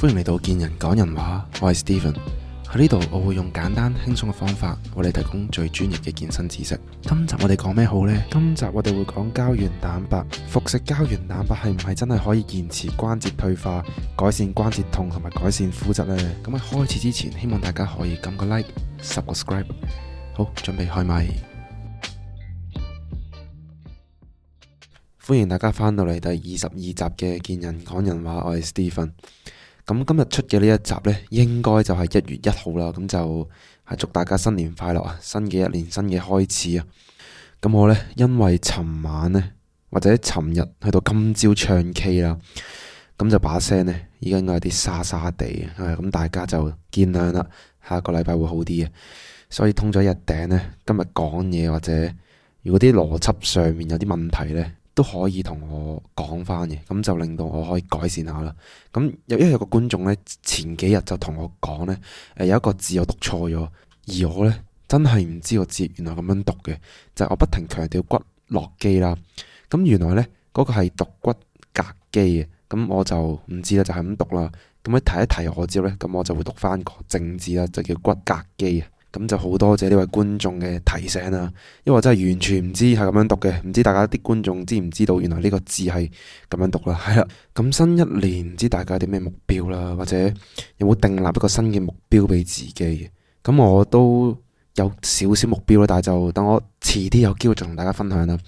歡迎嚟到健人港人話，我係 Steven 喺呢度，我會用簡單輕鬆嘅方法為你提供最專業嘅健身知識。今集我哋講咩好呢？今集我哋會講膠原蛋白，服食膠原蛋白係唔係真係可以延遲關節退化、改善關節痛同埋改善膚質呢？咁喺開始之前，希望大家可以撳個 like、十個 subscribe，好，準備開咪。歡迎大家翻到嚟第二十二集嘅健人港人話，我係 Steven。咁今日出嘅呢一集呢，應該就係一月一號啦。咁就係祝大家新年快樂啊，新嘅一年，新嘅開始啊。咁我呢，因為尋晚呢，或者尋日去到今朝唱 K 啦，咁就把聲呢依家，應該有啲沙沙地啊。咁、嗯、大家就見諒啦。下個禮拜會好啲嘅，所以通咗日頂呢，今日講嘢或者如果啲邏輯上面有啲問題呢，都可以同我講翻嘅，咁就令到我可以改善下啦。咁因為有個觀眾咧，前幾日就同我講咧，誒，有一個字我讀錯咗，而我咧真係唔知個字原來咁樣讀嘅，就係我不停強調骨骼肌啦。咁原來咧嗰個係讀骨骼肌嘅，咁我就唔知啦，就係咁讀啦。咁你提一提我知之後咧，咁我就會讀翻個正字啦，就叫骨骼肌啊。咁就好多謝呢位觀眾嘅提醒啦，因為我真係完全唔知係咁樣讀嘅，唔知大家啲觀眾知唔知道，原來呢個字係咁樣讀啦。係啦，咁新一年，唔知大家有啲咩目標啦，或者有冇定立一個新嘅目標俾自己？咁我都有少少目標啦，但係就等我遲啲有機會就同大家分享啦。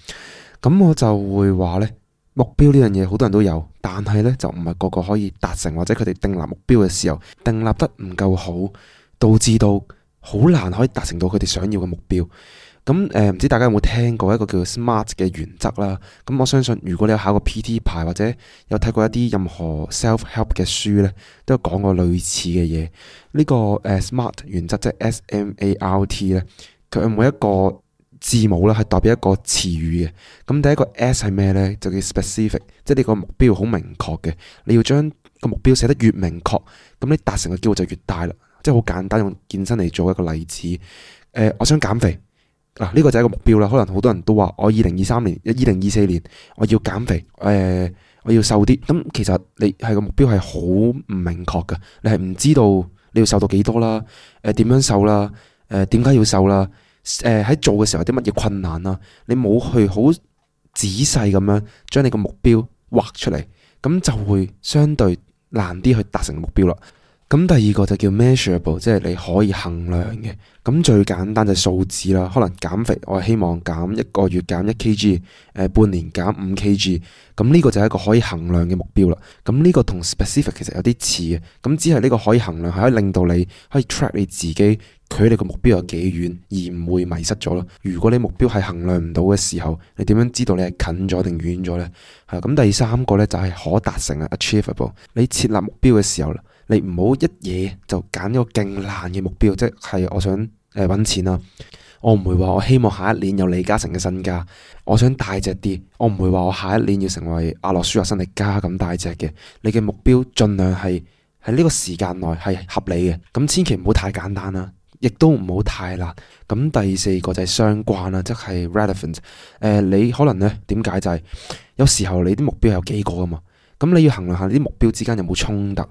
咁我就會話呢目標呢樣嘢好多人都有，但係呢就唔係個個可以達成，或者佢哋定立目標嘅時候定立得唔夠好，導致到。好難可以達成到佢哋想要嘅目標。咁誒，唔知大家有冇聽過一個叫 SMART 嘅原則啦？咁我相信如果你有考過 PT 牌或者有睇過一啲任何 self help 嘅書呢都有講過類似嘅嘢。呢個 SMART 原則即係 S M A R T 咧，佢每一個字母呢係代表一個詞語嘅。咁第一個 S 係咩呢？就叫 specific，即係呢個目標好明確嘅。你要將個目標寫得越明確，咁你達成嘅機會就越大啦。即係好簡單，用健身嚟做一個例子。呃、我想減肥，嗱、啊、呢、這個就係一個目標啦。可能好多人都話，我二零二三年、二零二四年我要減肥，誒、呃、我要瘦啲。咁其實你係個目標係好唔明確嘅，你係唔知道你要瘦到幾多啦，誒、呃、點樣瘦啦，誒點解要瘦啦，誒、呃、喺做嘅時候有啲乜嘢困難啦。你冇去好仔細咁樣將你個目標畫出嚟，咁就會相對難啲去達成目標啦。咁第二個就叫 measurable，即係你可以衡量嘅。咁最簡單就係數字啦，可能減肥我係希望減一個月減一 kg，誒，半年減五 kg，咁呢個就係一個可以衡量嘅目標啦。咁、這、呢個同 specific 其實有啲似嘅，咁只係呢個可以衡量係可以令到你可以 track 你自己距離個目標有幾遠，而唔會迷失咗咯。如果你目標係衡量唔到嘅時候，你點樣知道你係近咗定遠咗呢？吓咁第三個呢，就係可達成嘅 achievable。Achievable, 你設立目標嘅時候你唔好一嘢就揀一個勁難嘅目標，即係我想誒搵錢啦。我唔會話我希望下一年有李嘉誠嘅身家，我想大隻啲。我唔會話我下一年要成為阿諾舒華辛力加咁大隻嘅。你嘅目標盡量係喺呢個時間內係合理嘅，咁千祈唔好太簡單啦，亦都唔好太難。咁第四個就係相關啦，即係 relevant。誒，你可能咧點解就係有時候你啲目標有幾個啊嘛？咁你要衡量下你啲目標之間有冇衝突。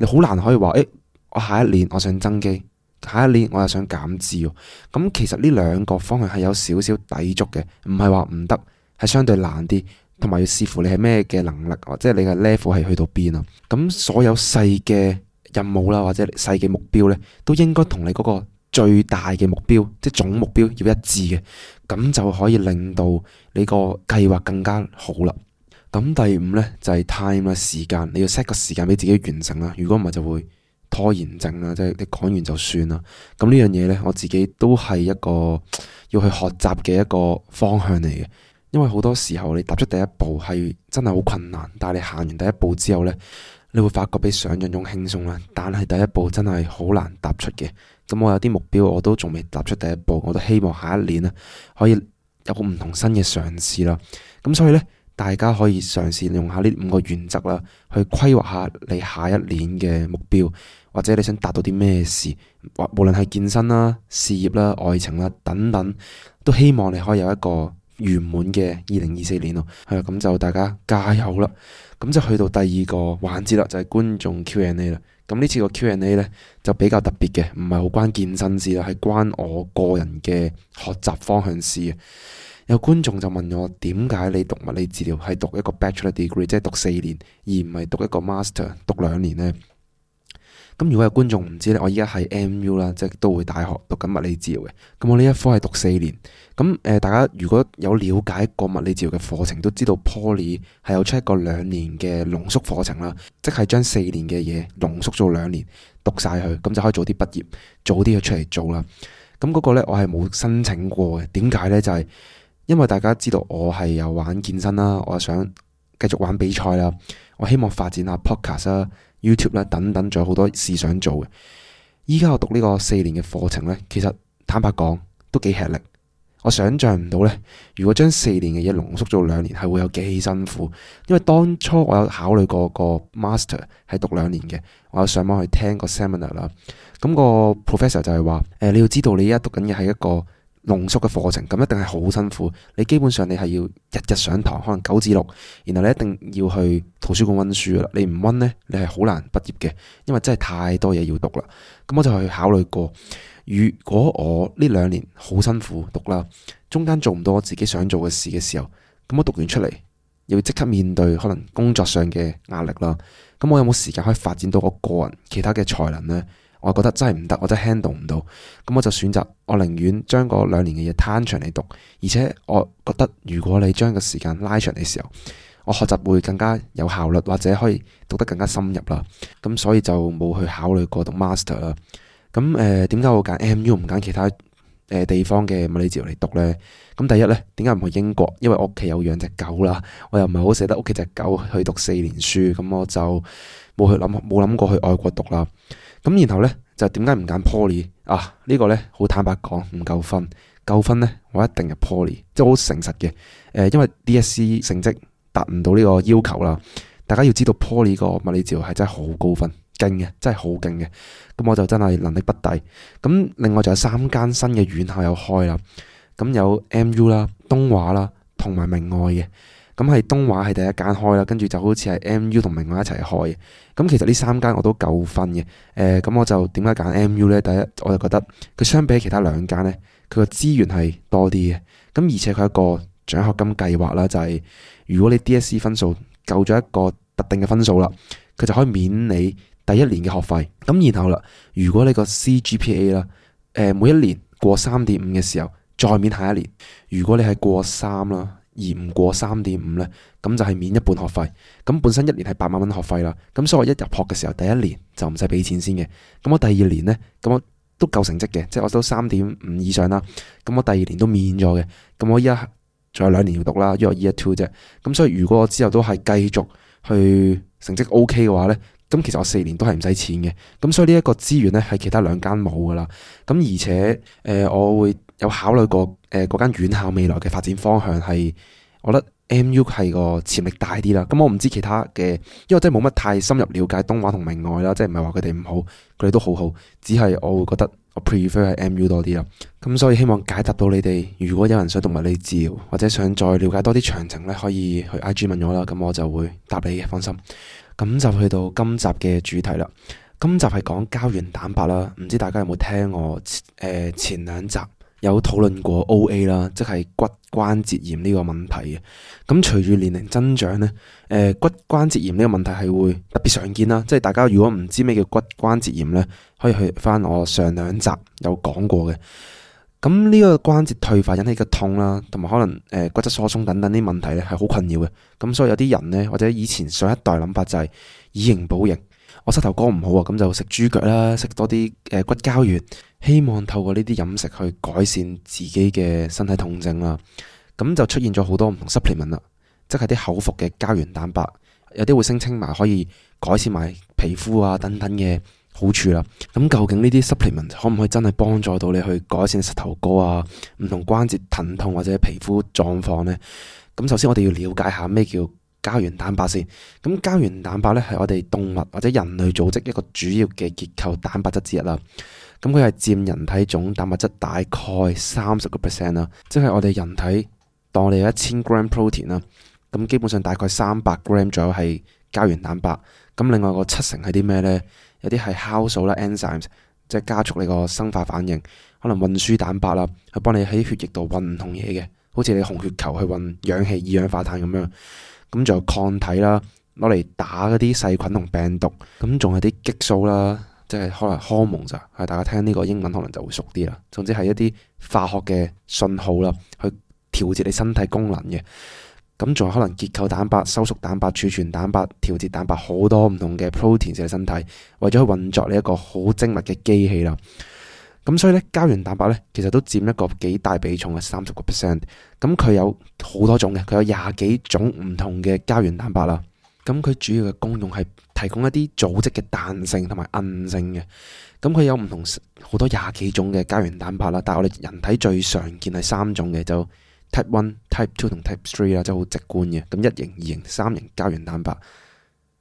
你好難可以話，誒、哎，我下一年我想增肌，下一年我又想減脂」。咁其實呢兩個方向係有少少抵觸嘅，唔係話唔得，係相對難啲，同埋要視乎你係咩嘅能力，或者你嘅 level 係去到邊啊。咁所有細嘅任務啦，或者細嘅目標咧，都應該同你嗰個最大嘅目標，即係總目標要一致嘅，咁就可以令到你個計劃更加好啦。咁第五呢，就係 time 啦，時間，你要 set 個時間俾自己完成啦。如果唔係就會拖延症啦，即係你講完就算啦。咁呢樣嘢呢，我自己都係一個要去學習嘅一個方向嚟嘅。因為好多時候你踏出第一步係真係好困難，但係你行完第一步之後呢，你會發覺比想象中輕鬆啦。但係第一步真係好難踏出嘅。咁我有啲目標我都仲未踏出第一步，我都希望下一年呢可以有個唔同新嘅嘗試啦。咁所以呢。大家可以嘗試用下呢五個原則啦，去規劃下你下一年嘅目標，或者你想達到啲咩事，或無論係健身啦、事業啦、愛情啦等等，都希望你可以有一個圓滿嘅二零二四年咯。係啦，咁就大家加油啦！咁就去到第二個環節啦，就係觀眾 Q&A 啦。咁呢次個 Q&A 呢，就比較特別嘅，唔係好關健身事啦，係關我個人嘅學習方向事。有觀眾就問我「點解你讀物理治療係讀一個 Bachelor Degree，即係讀四年，而唔係讀一個 Master 讀兩年呢？」咁如果有觀眾唔知呢，我依家係 MU 啦，即係都會大學讀緊物理治療嘅。咁我呢一科係讀四年。咁誒，大家如果有了解過物理治療嘅課程，都知道 Poly 係有出一個兩年嘅濃縮課程啦，即係將四年嘅嘢濃縮做兩年讀晒佢，咁就可以早啲畢業，早啲去出嚟做啦。咁嗰個呢，我係冇申請過嘅。點解呢？就係。因為大家知道我係有玩健身啦，我又想繼續玩比賽啦，我希望發展下 podcast 啦、YouTube 啦、等等，仲有好多事想做嘅。依家我讀呢個四年嘅課程呢，其實坦白講都幾吃力。我想象唔到呢，如果將四年嘅嘢濃縮咗兩年，係會有幾辛苦。因為當初我有考慮過個 master 係讀兩年嘅，我有上網去聽個 seminar 啦。咁個 professor 就係話，誒，你要知道你依家讀緊嘅係一個。濃縮嘅課程咁一定係好辛苦，你基本上你係要日日上堂，可能九至六，然後你一定要去圖書館溫書啦。你唔溫呢，你係好難畢業嘅，因為真係太多嘢要讀啦。咁我就去考慮過，如果我呢兩年好辛苦讀啦，中間做唔到我自己想做嘅事嘅時候，咁我讀完出嚟，要即刻面對可能工作上嘅壓力啦。咁我有冇時間可以發展到我個人其他嘅才能呢？我覺得真係唔得，我真係 handle 唔到，咁我就選擇我寧願將嗰兩年嘅嘢攤長嚟讀，而且我覺得如果你將個時間拉長嘅時候，我學習會更加有效率，或者可以讀得更加深入啦。咁所以就冇去考慮過讀 master 啦。咁誒點解我揀 M U 唔揀其他誒地方嘅物理治療嚟讀呢？咁第一呢，點解唔去英國？因為我屋企有養隻狗啦，我又唔係好捨得屋企隻狗去讀四年書，咁我就冇去諗，冇諗過去外國讀啦。咁然後呢，就點解唔揀 poly 啊？呢個呢，好坦白講，唔夠分，夠分呢，我一定係 poly，即係好誠實嘅。誒，因為 DSE 成績達唔到呢個要求啦。大家要知道 poly 個物理治療係真係好高分，勁嘅，真係好勁嘅。咁我就真係能力不逮。咁另外就有三間新嘅院校有開啦，咁有 MU 啦、東華啦，同埋明愛嘅。咁係東華係第一間開啦，跟住就好似係 MU 同明華一齊開嘅。咁其實呢三間我都夠分嘅。誒、呃，咁我就點解揀 MU 呢？第一，我就覺得佢相比其他兩間呢，佢個資源係多啲嘅。咁而且佢有一個獎學金計劃啦，就係、是、如果你 DSE 分數夠咗一個特定嘅分數啦，佢就可以免你第一年嘅學費。咁然後啦，如果你個 CGPA 啦、呃，每一年過三點五嘅時候，再免下一年。如果你係過三啦。而唔過三點五咧，咁就係免一半學費。咁本身一年係八萬蚊學費啦。咁所以我一入學嘅時候，第一年就唔使俾錢先嘅。咁我第二年呢，咁我都夠成績嘅，即係我都三點五以上啦。咁我第二年都免咗嘅。咁我依家仲有兩年要讀啦，約 year two 啫。咁所以如果我之後都係繼續去成績 OK 嘅話呢，咁其實我四年都係唔使錢嘅。咁所以呢一個資源呢，係其他兩間冇噶啦咁而且誒、呃、我會。有考慮過誒嗰間院校未來嘅發展方向係，我覺得 MU 係個潛力大啲啦。咁我唔知其他嘅，因為我真係冇乜太深入了解東華同明愛啦，即係唔係話佢哋唔好，佢哋都好好，只係我會覺得我 prefer 係 MU 多啲啦。咁所以希望解答到你哋。如果有人想讀物理治療，或者想再了解多啲詳情咧，可以去 IG 問我啦。咁我就會答你嘅，放心。咁就去到今集嘅主題啦。今集係講膠原蛋白啦，唔知大家有冇聽我誒前兩集？有討論過 O.A. 啦，即係骨關節炎呢個問題嘅。咁隨住年齡增長呢，誒、呃、骨關節炎呢個問題係會特別常見啦。即係大家如果唔知咩叫骨關節炎呢，可以去翻我上兩集有講過嘅。咁呢個關節退化引起嘅痛啦，同埋可能誒骨質疏鬆等等啲問題咧，係好困擾嘅。咁所以有啲人呢，或者以前上一代諗法就係以形補形。我膝頭哥唔好啊，咁就食豬腳啦，食多啲誒骨膠原，希望透過呢啲飲食去改善自己嘅身體痛症啦。咁就出現咗好多唔同 supplement 啦，即係啲口服嘅膠原蛋白，有啲會聲稱埋可以改善埋皮膚啊等等嘅好處啦。咁究竟呢啲 supplement 可唔可以真係幫助到你去改善膝頭哥啊、唔同關節疼痛或者皮膚狀況呢？咁首先我哋要了解下咩叫？膠原蛋白先咁，膠原蛋白咧係我哋動物或者人類組織一個主要嘅結構蛋白質之一啦。咁佢係佔人體總蛋白質大概三十個 percent 啦，即係我哋人體當你有一千 gram protein 啦，咁基本上大概三百 gram 左右係膠原蛋白。咁另外個七成係啲咩呢？有啲係酵素啦，enzymes，即係加速你個生化反應，可能運輸蛋白啦，去幫你喺血液度運唔同嘢嘅，好似你紅血球去運氧氣、二氧化碳咁樣。咁仲有抗體啦，攞嚟打嗰啲細菌同病毒，咁仲有啲激素啦，即係可能康蒙 hormone 咋，係大家聽呢個英文可能就會熟啲啦。總之係一啲化學嘅信號啦，去調節你身體功能嘅。咁仲有可能結構蛋白、收縮蛋白、儲存蛋白、調節蛋白好多唔同嘅 protein 成個身體，為咗去運作你一個好精密嘅機器啦。咁所以咧，膠原蛋白咧，其實都佔一個幾大比重嘅三十個 percent。咁佢、嗯、有好多種嘅，佢有廿幾種唔同嘅膠原蛋白啦。咁、嗯、佢主要嘅功用係提供一啲組織嘅彈性、嗯、同埋韌性嘅。咁佢有唔同好多廿幾種嘅膠原蛋白啦。但係我哋人體最常見係三種嘅，就 type one、type two 同 type three 啦、啊，即係好直觀嘅。咁、嗯、一型、二型、三型膠原蛋白。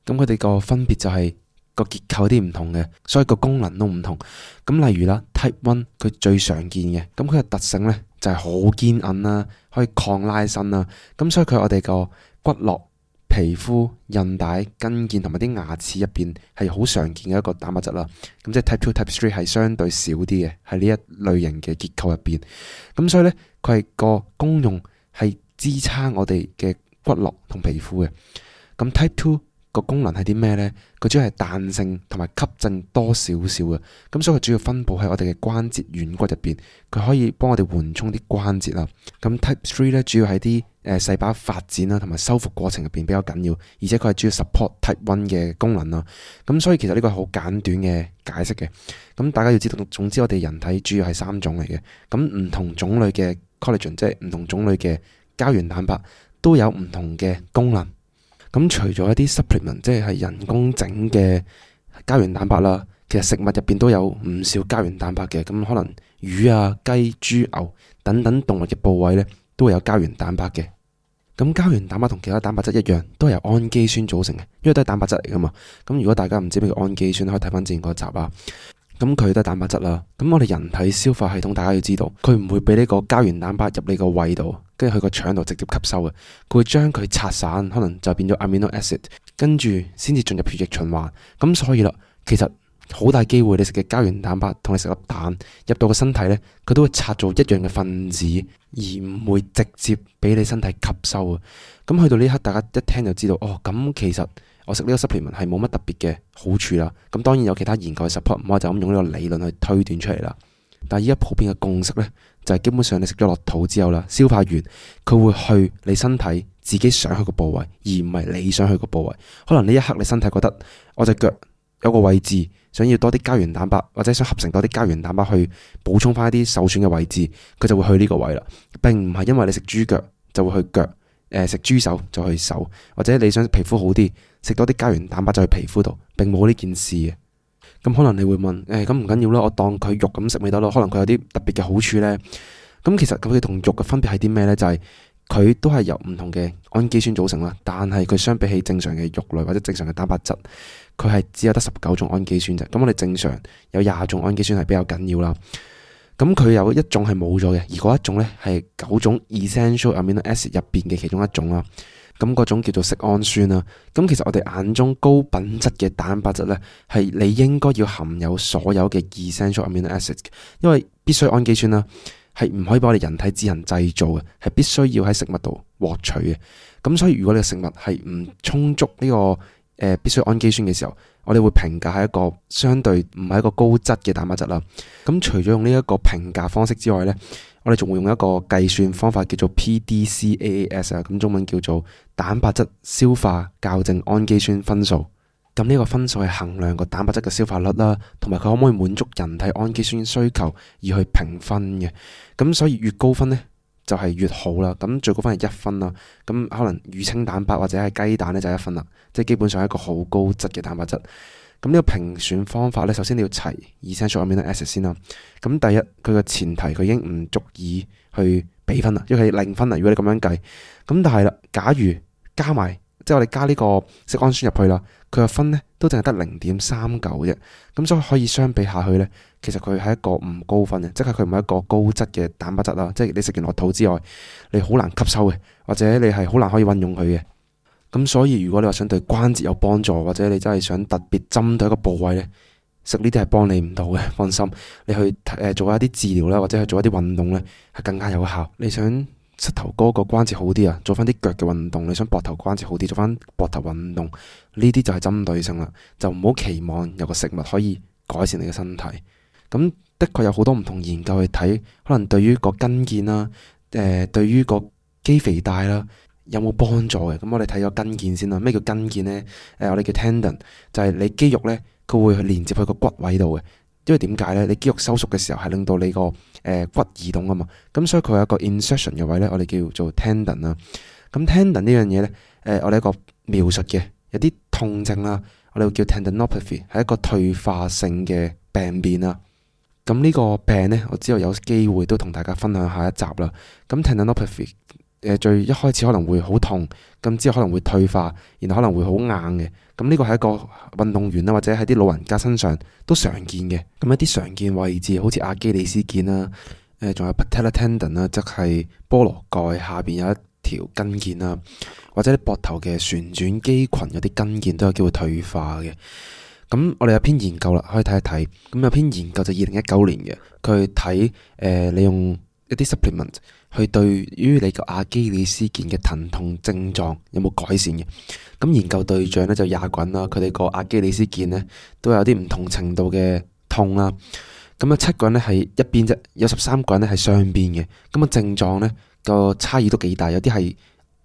咁佢哋個分別就係。個結構啲唔同嘅，所以個功能都唔同。咁例如啦，type one 佢最常見嘅，咁佢嘅特性呢，就係好堅韌啦，可以抗拉伸啦。咁所以佢我哋個骨骼、皮膚、韌帶、筋腱同埋啲牙齒入邊係好常見嘅一個蛋白質啦。咁即係 type two、type three 係相對少啲嘅，喺呢一類型嘅結構入邊。咁所以呢，佢係個功用係支撐我哋嘅骨骼同皮膚嘅。咁 type two。個功能係啲咩呢？佢主要係彈性同埋吸震多少少嘅，咁所以佢主要分布喺我哋嘅關節軟骨入邊，佢可以幫我哋緩衝啲關節啊。咁 type three 咧，主要喺啲誒細胞發展啊同埋修復過程入邊比較緊要，而且佢係主要 support type one 嘅功能啦。咁所以其實呢個係好簡短嘅解釋嘅，咁大家要知道，總之我哋人體主要係三種嚟嘅，咁唔同種類嘅 collagen，即係唔同種類嘅膠原蛋白，都有唔同嘅功能。咁除咗一啲 supplement，即係人工整嘅膠原蛋白啦，其實食物入邊都有唔少膠原蛋白嘅。咁可能魚啊、雞、豬、牛等等動物嘅部位呢，都會有膠原蛋白嘅。咁膠原蛋白同其他蛋白質一樣，都係由氨基酸組成嘅，因為都係蛋白質嚟噶嘛。咁如果大家唔知咩叫氨基酸，可以睇翻之前嗰集啊。咁佢都係蛋白質啦，咁我哋人體消化系統，大家要知道，佢唔會俾呢個膠原蛋白入你個胃度，跟住去個腸度直接吸收嘅，佢會將佢拆散，可能就變咗 amino acid，跟住先至進入血液循環。咁所以啦，其實好大機會你食嘅膠原蛋白同你食粒蛋入到個身體呢，佢都會拆做一樣嘅分子，而唔會直接俾你身體吸收嘅。咁去到呢刻，大家一聽就知道，哦，咁其實。我食呢個 supplement 係冇乜特別嘅好處啦，咁當然有其他研究去 support，唔可以就咁用呢個理論去推斷出嚟啦。但係依家普遍嘅共識呢，就係、是、基本上你食咗落肚之後啦，消化完佢會去你身體自己想去嘅部位，而唔係你想去嘅部位。可能呢一刻你身體覺得我隻腳有個位置，想要多啲膠原蛋白，或者想合成多啲膠原蛋白去補充翻一啲受損嘅位置，佢就會去呢個位啦，並唔係因為你食豬腳就會去腳。誒，食豬手就去手，或者你想皮膚好啲，食多啲膠原蛋白就去皮膚度，並冇呢件事嘅。咁可能你會問，誒、哎，咁唔緊要啦，我當佢肉咁食咪得咯。可能佢有啲特別嘅好處呢。咁其實佢同肉嘅分別係啲咩呢？就係、是、佢都係由唔同嘅氨基酸組成啦，但係佢相比起正常嘅肉類或者正常嘅蛋白質，佢係只有得十九種氨基酸啫。咁我哋正常有廿種氨基酸係比較緊要啦。咁佢有一種係冇咗嘅，而嗰一種呢係九種 essential amino acid 入邊嘅其中一種啦。咁嗰種叫做色氨酸啦。咁其實我哋眼中高品質嘅蛋白質呢，係你應該要含有所有嘅 essential amino acids，因為必須氨基酸啦係唔可以俾我哋人體自行製造嘅，係必須要喺食物度獲取嘅。咁所以如果你嘅食物係唔充足呢，這個必須氨基酸嘅時候，我哋會評價係一個相對唔係一個高質嘅蛋白質啦。咁除咗用呢一個評價方式之外呢，我哋仲會用一個計算方法叫做 PDCAAS 啊，咁中文叫做蛋白質消化校正氨基酸分數。咁呢個分數係衡量個蛋白質嘅消化率啦，同埋佢可唔可以滿足人體氨基酸需求而去評分嘅。咁所以越高分呢，就係越好啦，咁最高分係一分啦，咁可能乳清蛋白或者係雞蛋呢就一分啦，即係基本上係一個好高質嘅蛋白質。咁呢個評選方法呢，首先你要齊 essential amino acid 先啦。咁第一，佢嘅前提佢已經唔足以去比分啦，因為係零分啦。如果你咁樣計，咁但係啦，假如加埋，即係我哋加呢個色氨酸入去啦，佢個分呢？都淨係得零點三九啫，咁所以可以相比下去呢，其實佢係一個唔高分嘅，即係佢唔係一個高質嘅蛋白質啦。即係你食完落肚之外，你好難吸收嘅，或者你係好難可以運用佢嘅。咁所以如果你話想對關節有幫助，或者你真係想特別針對一個部位呢，食呢啲係幫你唔到嘅。放心，你去做一啲治療啦，或者去做一啲運動呢，係更加有效。你想膝頭哥個關節好啲啊，做翻啲腳嘅運動；你想膊頭關節好啲，做翻膊頭運動。呢啲就係針對性啦，就唔好期望有個食物可以改善你嘅身體。咁的確有好多唔同研究去睇，可能對於個筋腱啦，誒、呃，對於個肌肥大啦，有冇幫助嘅？咁我哋睇咗筋腱先啦。咩叫筋腱呢？誒、呃，我哋叫 tendon，就係你肌肉呢，佢會去連接佢個骨位度嘅。因為點解咧？你肌肉收縮嘅時候係令到你個誒、呃、骨移動啊嘛，咁所以佢有一個 insertion 嘅位咧，我哋叫做 tendon 啊。咁 tendon 呢樣嘢咧，誒、呃、我哋一個描述嘅，有啲痛症啊，我哋會叫 tendinopathy，係一個退化性嘅病變啊。咁呢個病咧，我之後有機會都同大家分享下一集啦。咁 tendinopathy 最一開始可能會好痛，咁之後可能會退化，然後可能會好硬嘅，咁呢個係一個運動員啦，或者喺啲老人家身上都常見嘅。咁一啲常見位置，好似阿基里斯腱啦，仲有 patella tendon 啦，即係菠蘿蓋下邊有一條筋腱啦，或者啲膊頭嘅旋轉肌群有啲筋腱都有機會退化嘅。咁我哋有篇研究啦，可以睇一睇。咁有篇研究就二零一九年嘅，佢睇誒，你用。一啲 supplement 去對於你個阿基里斯腱嘅疼痛症狀有冇改善嘅？咁研究對象呢就廿個人啦，佢哋個阿基里斯腱呢都有啲唔同程度嘅痛啦。咁有七個人呢係一邊啫，有十三個人雙邊、那個、呢係雙邊嘅。咁啊症狀呢個差異都幾大，有啲係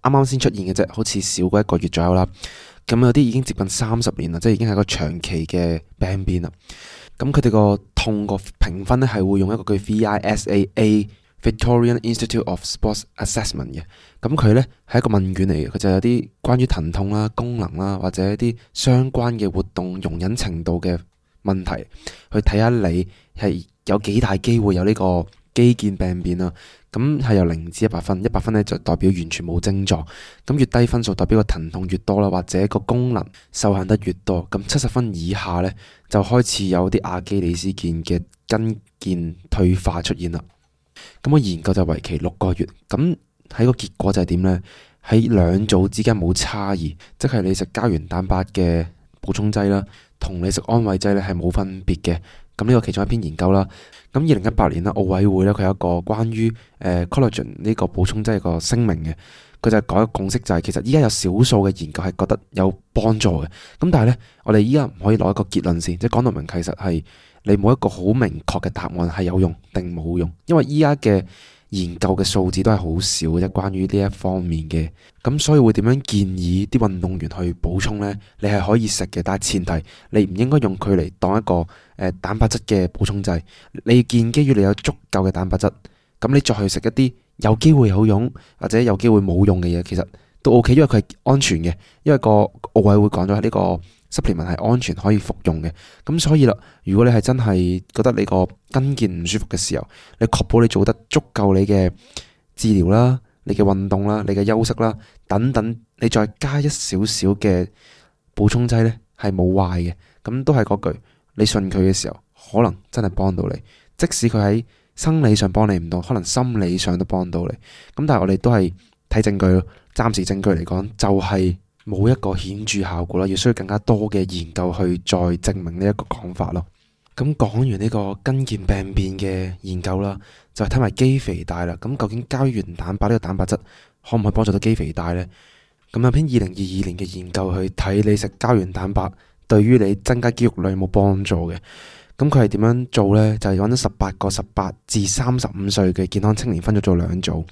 啱啱先出現嘅啫，好似少過一個月左右啦。咁有啲已經接近三十年啦，即係已經係個長期嘅病變啦。咁佢哋個痛個評分呢係會用一個叫 VISAA。Victorian Institute of Sports Assessment 嘅，咁佢呢係一個問卷嚟嘅，佢就有啲關於疼痛啦、功能啦或者一啲相關嘅活動容忍程度嘅問題，去睇下你係有幾大機會有呢個肌腱病變啦。咁係由零至一百分，一百分呢就代表完全冇症狀，咁越低分數代表個疼痛越多啦，或者個功能受限得越多。咁七十分以下呢，就開始有啲阿基里斯腱嘅筋腱退化出現啦。咁個研究就為期六個月，咁喺個結果就係點呢？喺兩組之間冇差異，即係你食膠原蛋白嘅補充劑啦，同你食安慰劑咧係冇分別嘅。咁呢個其中一篇研究啦。咁二零一八年啦，奧委會咧佢有一個關於誒 collagen 呢個補充劑個聲明嘅，佢就係講一個共識就係，是，其實依家有少數嘅研究係覺得有幫助嘅。咁但係呢，我哋依家唔可以攞一個結論先，即係講到明其實係。你冇一個好明確嘅答案係有用定冇用，因為依家嘅研究嘅數字都係好少嘅，關於呢一方面嘅。咁所以會點樣建議啲運動員去補充呢？你係可以食嘅，但係前提你唔應該用佢嚟當一個誒蛋白質嘅補充劑。你要建基於你有足夠嘅蛋白質，咁你再去食一啲有機會有用或者有機會冇用嘅嘢，其實都 OK，因為佢係安全嘅。因為個奧委會講咗喺呢個。supplement 係安全可以服用嘅。咁所以啦，如果你係真係覺得你個筋腱唔舒服嘅時候，你確保你做得足夠你嘅治療啦、你嘅運動啦、你嘅休息啦等等，你再加一少少嘅補充劑呢，係冇壞嘅，咁都係嗰句，你信佢嘅時候，可能真係幫到你，即使佢喺生理上幫你唔到，可能心理上都幫到你，咁但係我哋都係睇證據咯，暫時證據嚟講就係、是。冇一個顯著效果啦，要需要更加多嘅研究去再證明呢一個講法咯。咁講完呢個筋腱病變嘅研究啦，就係睇埋肌肥大啦。咁究竟膠原蛋白呢個蛋白質可唔可以幫助到肌肥大呢？咁有篇二零二二年嘅研究去睇你食膠原蛋白對於你增加肌肉量有冇幫助嘅？咁佢係點樣做呢？就係揾咗十八個十八至三十五歲嘅健康青年分咗做兩組，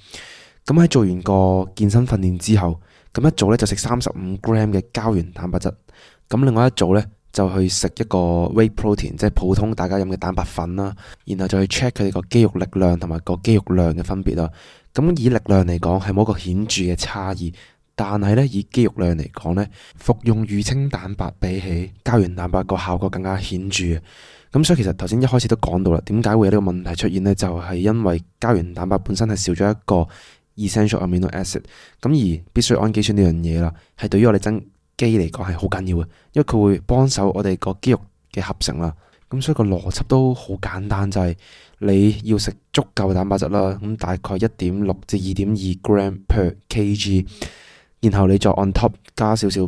咁喺做完個健身訓練之後。咁一組咧就食三十五 gram 嘅膠原蛋白質，咁另外一組咧就去食一個 Whey Protein，即係普通大家飲嘅蛋白粉啦。然後就去 check 佢哋個肌肉力量同埋個肌肉量嘅分別啊。咁以力量嚟講係冇一個顯著嘅差異，但係咧以肌肉量嚟講咧，服用乳清蛋白比起膠原蛋白個效果更加顯著嘅。咁所以其實頭先一開始都講到啦，點解會有呢個問題出現呢？就係、是、因為膠原蛋白本身係少咗一個 essential amino acid，咁而必須氨基酸呢樣嘢啦，係對於我哋增肌嚟講係好緊要嘅，因為佢會幫手我哋個肌肉嘅合成啦。咁所以個邏輯都好簡單，就係你要食足夠蛋白質啦，咁大概一點六至二點二 gram per kg，然後你再 on top 加少少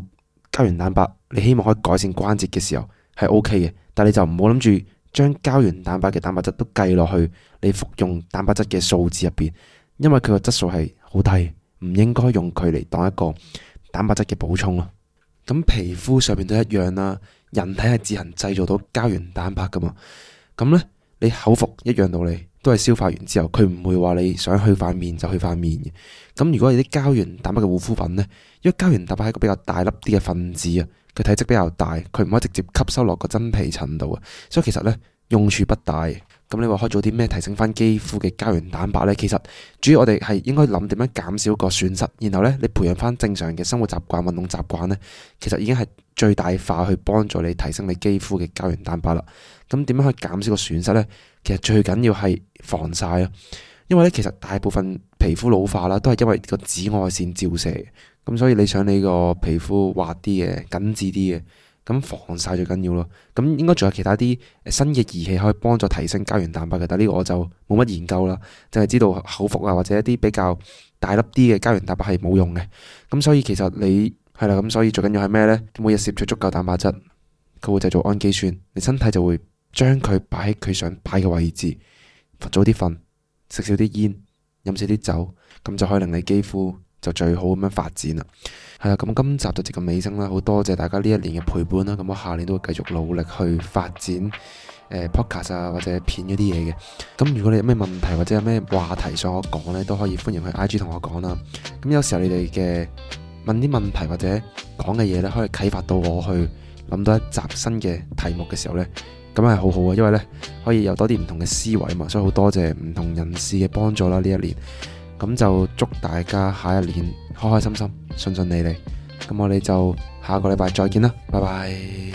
膠原蛋白，你希望可以改善關節嘅時候係 OK 嘅，但你就唔好諗住將膠原蛋白嘅蛋白質都計落去你服用蛋白質嘅數字入邊。因為佢個質素係好低，唔應該用佢嚟當一個蛋白質嘅補充咯。咁皮膚上面都一樣啦，人體係自行製造到膠原蛋白噶嘛。咁呢，你口服一樣道理，都係消化完之後，佢唔會話你想去塊面就去塊面嘅。咁如果係啲膠原蛋白嘅護膚品呢，因為膠原蛋白係一個比較大粒啲嘅分子啊，佢體積比較大，佢唔可以直接吸收落個真皮層度啊，所以其實呢，用處不大。咁你話可以做啲咩提升翻肌膚嘅膠原蛋白呢？其實主要我哋係應該諗點樣減少個損失，然後呢，你培養翻正常嘅生活習慣、運動習慣呢，其實已經係最大化去幫助你提升你肌膚嘅膠原蛋白啦。咁點樣去減少個損失呢？其實最緊要係防曬咯，因為咧，其實大部分皮膚老化啦，都係因為個紫外線照射。咁所以你想你個皮膚滑啲嘅、緊緻啲嘅。咁防曬最緊要咯，咁應該仲有其他啲新嘅儀器可以幫助提升膠原蛋白嘅，但呢個我就冇乜研究啦，淨係知道口服啊或者一啲比較大粒啲嘅膠原蛋白係冇用嘅。咁所以其實你係啦，咁所以最緊要係咩呢？每日攝取足夠蛋白質，佢會製造氨基酸，你身體就會將佢擺喺佢想擺嘅位置。早啲瞓，食少啲煙，飲少啲酒，咁就可以令你肌膚就最好咁樣發展啦，係、嗯、啦，咁今集就接近尾聲啦，好多謝大家呢一年嘅陪伴啦，咁、嗯、我下年都會繼續努力去發展、呃、podcast 啊或者片嗰啲嘢嘅，咁、嗯、如果你有咩問題或者有咩話題想我講呢，都可以歡迎去 IG 同我講啦，咁、嗯、有時候你哋嘅問啲問題或者講嘅嘢呢，可以啟發到我去諗到一集新嘅題目嘅時候呢，咁係好好啊，因為呢，可以有多啲唔同嘅思維嘛，所以好多謝唔同人士嘅幫助啦呢一年。咁就祝大家下一年開開心心、順順利利。咁我哋就下個禮拜再見啦，拜拜。